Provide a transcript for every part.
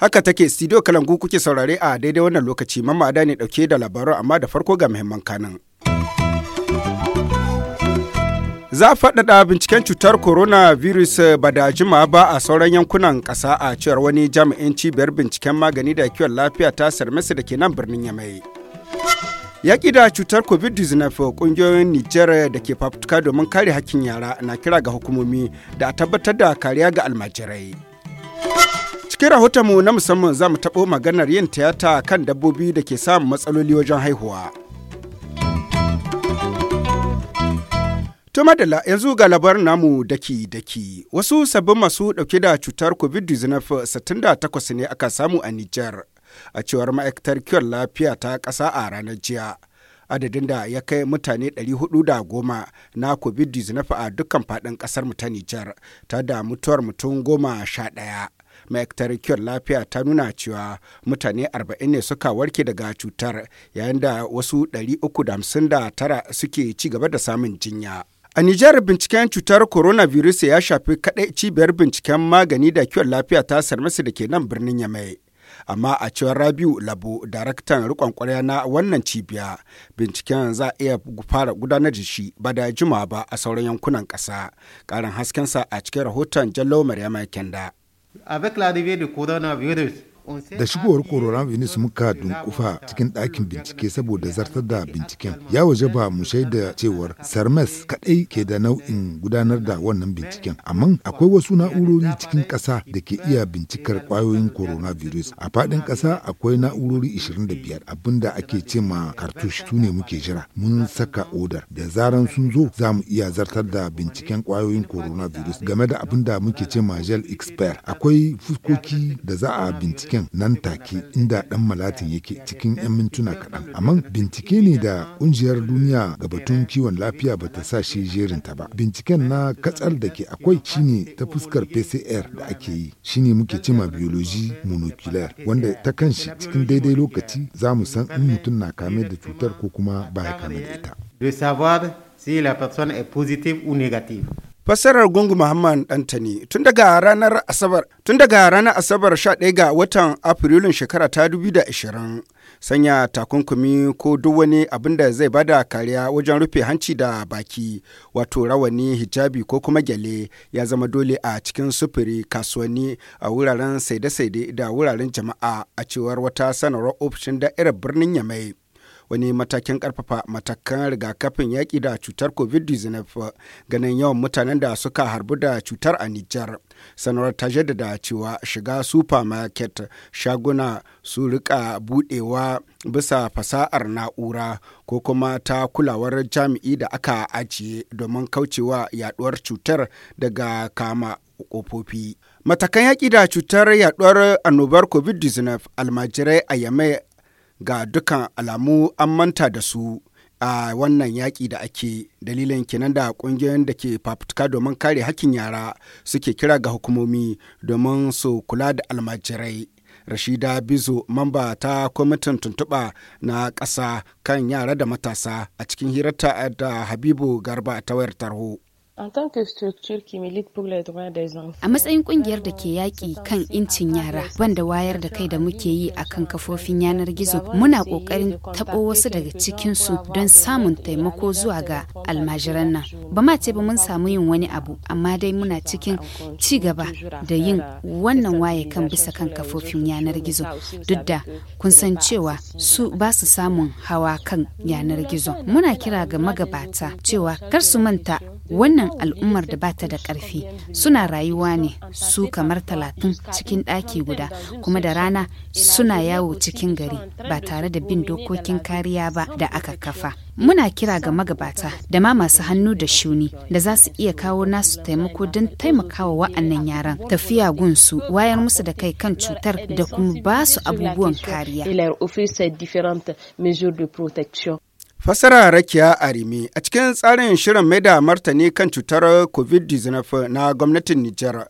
Haka take studio Kalangu kuke saurare a daidai wannan lokaci mamma da ne dauke da labarun amma da farko ga muhimman kanan. za a faɗaɗa binciken cutar coronavirus eh, ba da jima ba a sauran yankunan ƙasa a cewar wani jami'in cibiyar binciken magani da kiwon lafiya ta sarmesa da ke nan birnin yamai. Yaƙi da cutar COVID-19 ƙungiyoyin Nijar da ke fafutuka domin kare hakkin yara na kira ga hukumomi da a tabbatar da kariya ga almajirai. Cikin rahotonmu na musamman za mu taɓo maganar yin tiyata kan dabbobi da ke samun matsaloli wajen haihuwa. tuma madalla yanzu ga labar namu daki-daki wasu sabbin masu ɗauke da cutar COVID-19 68 ne aka samu a Nijar. a cewar ma'aikatar kiwon lafiya ta ƙasa a ranar jiya. adadin da ya kai mutane 410 na covid-19 a dukkan faɗin ƙasar mu ta Nijar ta da mutuwar mutum goma sha ɗaya. ma'aikatar kiwon lafiya ta nuna cewa mutane 40 ne suka warke daga cutar yayin da wasu 359 suke ci gaba da samun jinya. A Nijar binciken cutar coronavirus ya shafi kaɗai cibiyar binciken magani da kiwon lafiya ta sarmasa da ke nan birnin Yamai. Amma a cewar Rabiu Labo, daraktan rikon kwarya na wannan cibiya, binciken za a iya fara gudanar da shi ba da juma ba a sauran yankunan ƙasa. Ƙarin haskensa a cikin rahoton Jallo Maryama Kenda. Avec l'arrivée du coronavirus, Da shigowar coronavirus muka dunkufa cikin ɗakin bincike saboda zartar da binciken. Ya waje ba mu shaida cewar Sarmes kaɗai ke da nau'in gudanar da wannan binciken. Amma akwai wasu na'urori cikin ƙasa da ke iya bincikar ƙwayoyin coronavirus. A faɗin ƙasa akwai na'urori 25 abinda ake ce ma cartouche su ne muke jira. Mun saka odar da zaran sun zo za mu iya zartar da binciken ƙwayoyin coronavirus game da abinda muke ce ma gel expert. Akwai fuskoki da za a binciken binciken nan take inda dan malatin yake cikin 'yan mintuna kaɗan. Amma bincike ne da ƙungiyar duniya ga batun kiwon lafiya ba ta sa shi jerin ta ba. Binciken na katsar da ke akwai shine ta fuskar PCR da ake yi shine muke cima biology monocular wanda ta kanshi cikin daidai lokaci za mu san in mutum na kame da cutar ko kuma ba ya kame da ita. De savoir si la personne est positive ou négative. Fassarar Gungu Muhammad Dantani tun daga ranar Asabar tun daga ranar Asabar 11 ga watan Afrilun shekara ta 2020 sanya takunkumi ko duk wani abin da zai bada kariya wajen rufe hanci da baki wato rawani hijabi ko kuma gyale ya zama dole a cikin sufuri kasuwanni a wuraren saide-saide da wuraren jama'a a cewar wata sanarwar ofishin da'irar birnin Yamai. wani matakin karfafa matakan rigakafin yaƙi da cutar covid-19 ganin yawan mutanen da suka harbu da cutar a Nijar. Sanarwar ta jaddada cewa shiga supermarket shaguna su rika budewa bisa fasa'ar na'ura ko kuma ta kulawar jami'i da aka ajiye domin kaucewa yaduwar cutar daga kama kofofi. Matakan yaƙi da cutar yaɗuwar annobar COVID-19 almajirai a Yamai ga dukan alamu an manta da su a wannan yaƙi da ake dalilin kenan da ƙungiyoyin da ke fafutuka domin kare hakkin yara suke kira ga hukumomi domin su kula da almajirai rashida bizo mamba ta kwamitin tuntuɓa na ƙasa kan yara da matasa a cikin hirarta da habibu garba ta wayar tarho A matsayin kungiyar da ke yaƙi kan incin yara wanda wayar da kai da muke yi a kan kafofin yanar gizo muna ƙoƙarin taɓo wasu daga cikinsu don samun taimako zuwa ga almajiran nan. Ba ma ce ba mun samu yin wani abu amma dai muna cikin ci gaba da yin euh, wannan waye kan bisa kan kafofin yanar gizo duk da euh, kun san cewa su ba su samun hawa kan yanar gizo. Muna kira ga magabata cewa kar su manta wannan al'ummar da bata da ƙarfi suna rayuwa ne su kamar talatin cikin ɗaki guda kuma da rana suna yawo cikin gari ba tare da bin dokokin kariya ba da aka kafa muna kira ga magabata da ma masu hannu da shuni da za su iya kawo nasu taimako don taimakawa wa'annan yaran tafiya gunsu wayar musu da kai kan cutar da kuma ba su abubuwan kariya Fasara Rakiya a Arimi a cikin tsarin shirin mai maida martani kan cutar COVID-19 na gwamnatin Nijar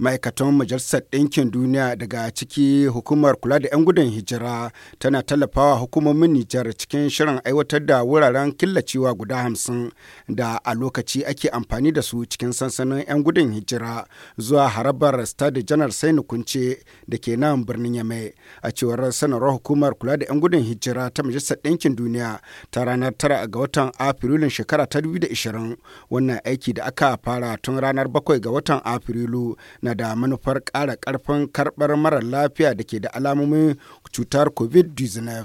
ma'aikatan majalisar ɗinkin duniya daga ciki hukumar kula da 'yan gudun hijira tana tallafawa hukumomin nijar cikin shirin aiwatar da wuraren killacewa guda hamsin da a lokaci ake amfani da su cikin sansanin 'yan gudun hijira zuwa harabar stade janar sai nukunce da ke nan birnin yamai a cewar sanarwar hukumar kula da 'yan gudun hijira ta majalisar ɗinkin duniya ta ranar 9 ga watan afrilun shekara ta 2020 wannan aiki da aka fara tun ranar bakwai ga watan afrilu na na da manufar ƙara ƙarfin karɓar marar lafiya da ke da alamomin cutar covid-19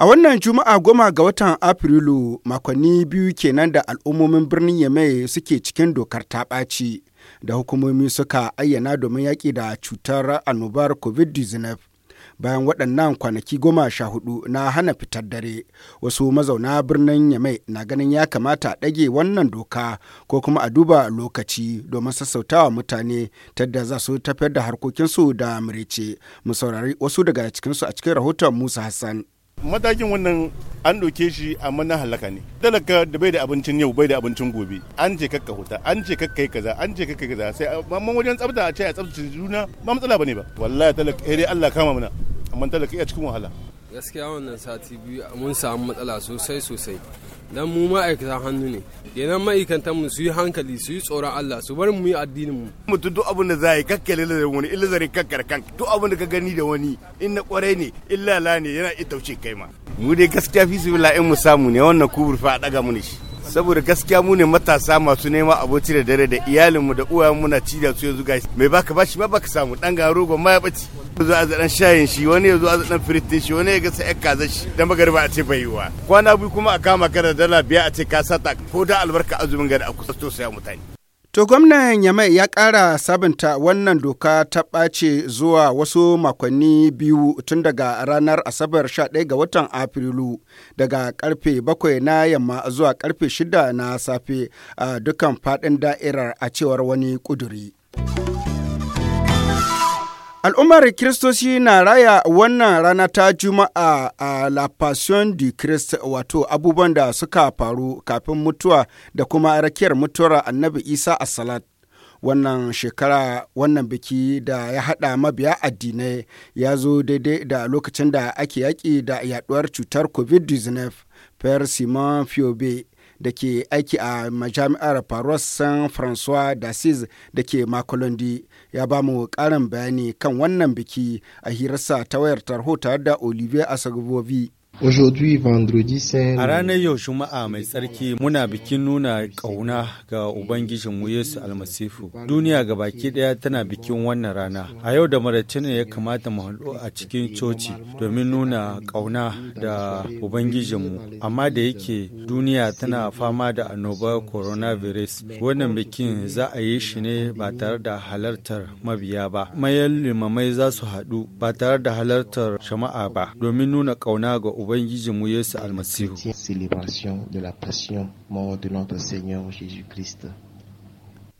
a wannan juma'a goma ga watan afrilu makonni biyu kenan da al'ummomin birnin yamai suke cikin dokar ta ɓaci da hukumomi suka ayyana domin yaƙi da cutar annobar covid-19 bayan waɗannan kwanaki goma sha hudu na hana fitar dare wasu mazauna birnin yamai na ganin ya kamata a ɗage wannan doka ko kuma a duba lokaci domin sassautawa mutane ta tadda za su tafiyar da harkokinsu da mu saurari wasu daga cikinsu a cikin rahoton musa hassan matakin wannan an doke shi a na halaka ne talaka da bai da abincin yau bai da abincin gobe an ce kakka huta an ce kakka yi kaza an ce kakka yi kaza sai amma wajen tsafta a ce a tsaftace juna ba matsala bane ba wallahi talaka eh dai Allah kama mana amma talaka iya cikin wahala gaskiya wannan sati biyu mun samu matsala sosai sosai dan mu ma'aikatan hannu ne kenan ma'aikatan mu su yi hankali su yi tsoron Allah su bar mu yi addinin mu mutum duk abin da za yi kakkale da wani illa zare kakkar kan duk abin da ka gani da wani in na kwarai ne illa la ne yana ita tauce kai ma mu dai gaskiya fi su in mu samu ne wannan kubur fa daga mu ne shi saboda gaskiya mu ne matasa masu nema abinci da dare da iyalinmu da uwayenmu na ci da su yanzu gashi mai baka bashi ma baka samu dan garo ba ma ya bace zo a zaɗan shayin shi wani ya zo a zaɗan firitin shi wani ya gasa ya kaza shi da magariba a ce bai yiwa kwana biyu kuma a kama ka da dala biya a ce ka sata ko da albarka azumin gari a kusa to saya mutane. To gwamnan Yamai ya kara sabunta wannan doka ta ɓace zuwa wasu makonni biyu tun daga ranar Asabar sha 11 ga watan Afrilu daga karfe 7 na yamma zuwa karfe 6 na safe a dukkan faɗin da'irar a cewar wani ƙuduri. Al'ummar Kiristoci na raya wannan rana ta Juma'a a La Passion du Christ wato abubuwan da suka faru kafin mutuwa da kuma rakiyar mutuwar Annabi Isa a Salat. Wannan shekara wannan biki da ya haɗa mabiya addinai ya zo daidai da lokacin da ake yaƙi da yaɗuwar cutar COVID-19 Per Simon Fiobe. da ke aiki a majami'ar faros San Francois d'Assise da ke Makolondi ya ba mu ƙarin bayani kan wannan biki a hirarsa ta wayar tarho tare da Olivier Asagbovi. A ranar yau Juma'a mai tsarki muna bikin nuna ƙauna ga Ubangijinmu Yesu Almasifu. Duniya ga baki ɗaya tana bikin wannan rana. A yau da marace ne ya kamata mu haɗu a cikin coci domin nuna ƙauna da Ubangijinmu. Amma da yake duniya tana fama da annobar coronavirus, wannan bikin za a yi shi ne ba tare da halartar mabiya ba. Mayan limamai za su haɗu ba tare da halartar shama'a ba domin nuna ƙauna ga Ubangijinmu Yesu Almasihu.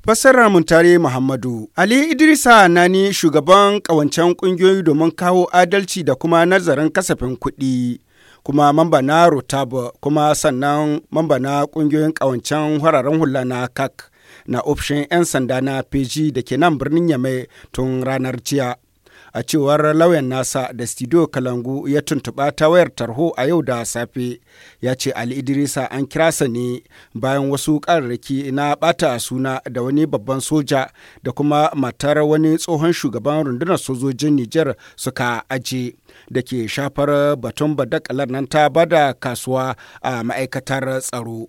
fassara Muntare Muhammadu Ali Idrisa Nani shugaban ƙawancen ƙungiyoyi domin kawo adalci da kuma nazarin kasafin kuɗi. kuma mamba na rotaba kuma sannan mamba na ƙungiyoyin ƙawancen wararen hula na kak na ofishin 'yan sanda na peji da ke nan birnin yamai tun ranar jiya. a cewar lauyan nasa da studio kalangu ya tuntuɓa ta wayar tarho a yau da safe ya ce ali idrisa an kira sa ne bayan wasu ƙararraki na ɓata suna da wani babban soja da kuma matar wani tsohon shugaban rundunar sojojin nijar suka aje da ke shafar batun badakalar nan ta bada kasuwa a ma'aikatar tsaro.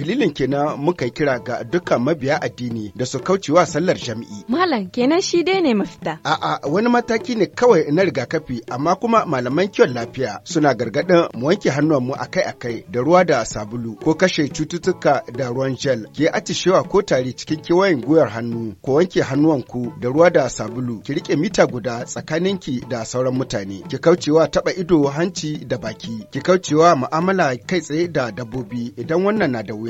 Dalilin kenan muka yi kira ga dukkan mabiya addini da su kaucewa sallar Jami'i. Malam kenan shi dai ne mafita. A'a wani mataki ne kawai na rigakafi amma kuma malaman kiwon lafiya suna gargaɗin mu wanke hannuwanmu akai-akai da ruwa da sabulu ko kashe cututtuka da ruwan gel ke atishewa ko tari cikin kewayen gwiwar hannu ko wanke hannuwanku da ruwa da sabulu ki rike mita guda tsakaninki da sauran mutane ki kaucewa taba ido hanci da baki ki kaucewa mu'amala kai tsaye da dabbobi idan wannan na da wuya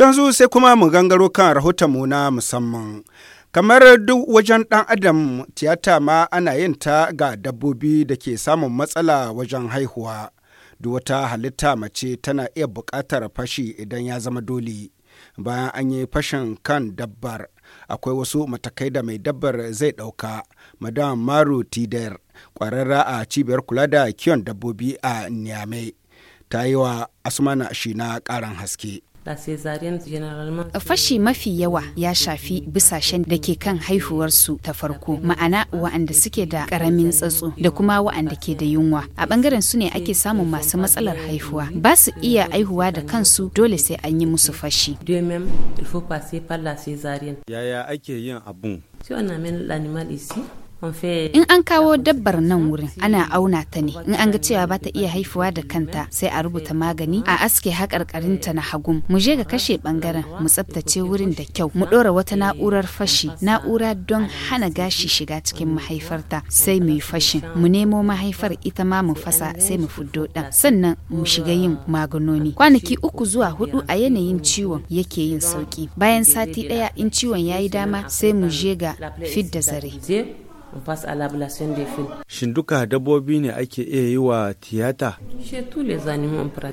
yanzu sai kuma mu gangaro kan mu na musamman. Kamar duk wajen ɗan adam tiyata ma ana yin ta ga dabbobi da ke samun matsala wajen haihuwa. Duk wata halitta mace tana iya buƙatar fashi idan ya zama dole. Bayan an yi fashin kan dabbar, akwai wasu matakai da mai dabbar zai ɗauka. Madam Maru Tider, ƙwararra a cibiyar kula da kiwon dabbobi a Niamey, ta yi wa Asmana Shina ƙarin haske. Fashi mafi yawa ya shafi bisashen da ke kan haihuwarsu ta farko, ma'ana wa'anda suke da karamin tsatso da kuma wa'anda ke da yunwa. A bangaren su ne ake samun masu matsalar haihuwa. Ba su iya haihuwa da kansu dole sai an yi musu fashi. Yaya ake yin abun? In an kawo dabbar nan wurin ana auna ta ne in an ga cewa ba ta iya haifuwa da kanta sai a rubuta magani a aske haƙarƙarinta na hagun mu je ga kashe ɓangaren mu tsaftace wurin da kyau mu ɗora wata na'urar fashi na'ura don hana gashi shiga cikin mahaifarta sai mu yi fashin mu nemo mahaifar ita ma mu fasa sai mu fuddo ɗan sannan mu shiga yin maganoni kwanaki uku zuwa hudu a yanayin ciwon yake yin sauƙi bayan sati ɗaya in ciwon ya yi dama sai mu je ga fidda zare. Shin duka dabbobi ne ake iya yi wa tiyata?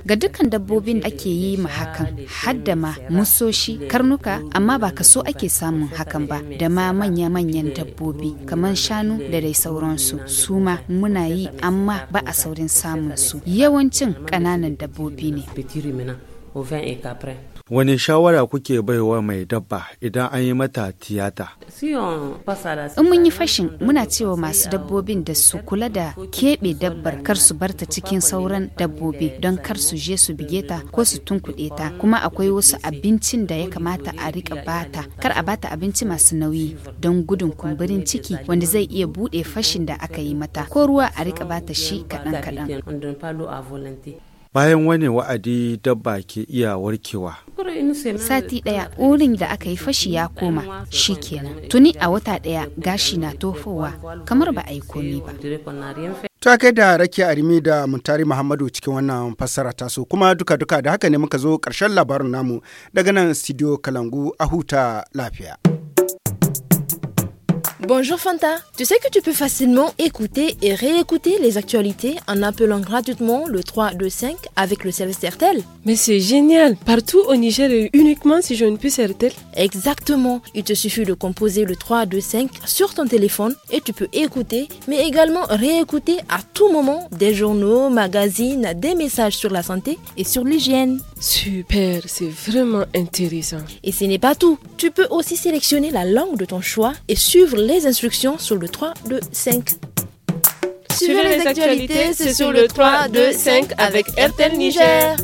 Ga dukkan dabbobin da ake yi ma hakan, hadda ma musoshi, karnuka, amma ba ka so ake samun hakan ba, da ma manya-manyan dabbobi kamar shanu da dai sauransu. Su ma muna yi amma ba a saurin samun su. Yawancin ƙananan dabbobi ne. Wani shawara kuke baiwa mai dabba idan an yi mata tiyata? In mun yi fashin muna cewa masu dabbobin da su kula da keɓe dabbar kar su barta cikin sauran dabbobi don kar su je su bige ta ko su tunkuɗe ta kuma akwai wasu abincin da ya kamata a rika bata kar a bata abinci masu nauyi don gudun kumburin ciki wanda zai iya buɗe fashin da aka yi mata ko ruwa a rika bata shi kaɗan-kaɗan. bayan wani wa'adi dabba ke iya warkewa sati ɗaya wurin da aka yi fashi ya koma shi kenan tuni a wata ɗaya gashi na tofowa kamar ba a yi komi ba ta kai da rake arimi da muntari muhammadu cikin wannan fassara taso kuma duka duka da haka ne muka zo ƙarshen labarin namu daga nan studio kalangu a huta lafiya Bonjour Fanta, tu sais que tu peux facilement écouter et réécouter les actualités en appelant gratuitement le 325 avec le service RTL. Mais c'est génial, partout au Niger et uniquement si je ne puisse RTL. Exactement, il te suffit de composer le 325 sur ton téléphone et tu peux écouter mais également réécouter à tout moment des journaux, magazines, des messages sur la santé et sur l'hygiène. Super, c'est vraiment intéressant. Et ce n'est pas tout, tu peux aussi sélectionner la langue de ton choix et suivre les instructions sur le 3, 2, 5. Suivez les actualités, c'est sur le 3, 2, 5 avec RTL Niger.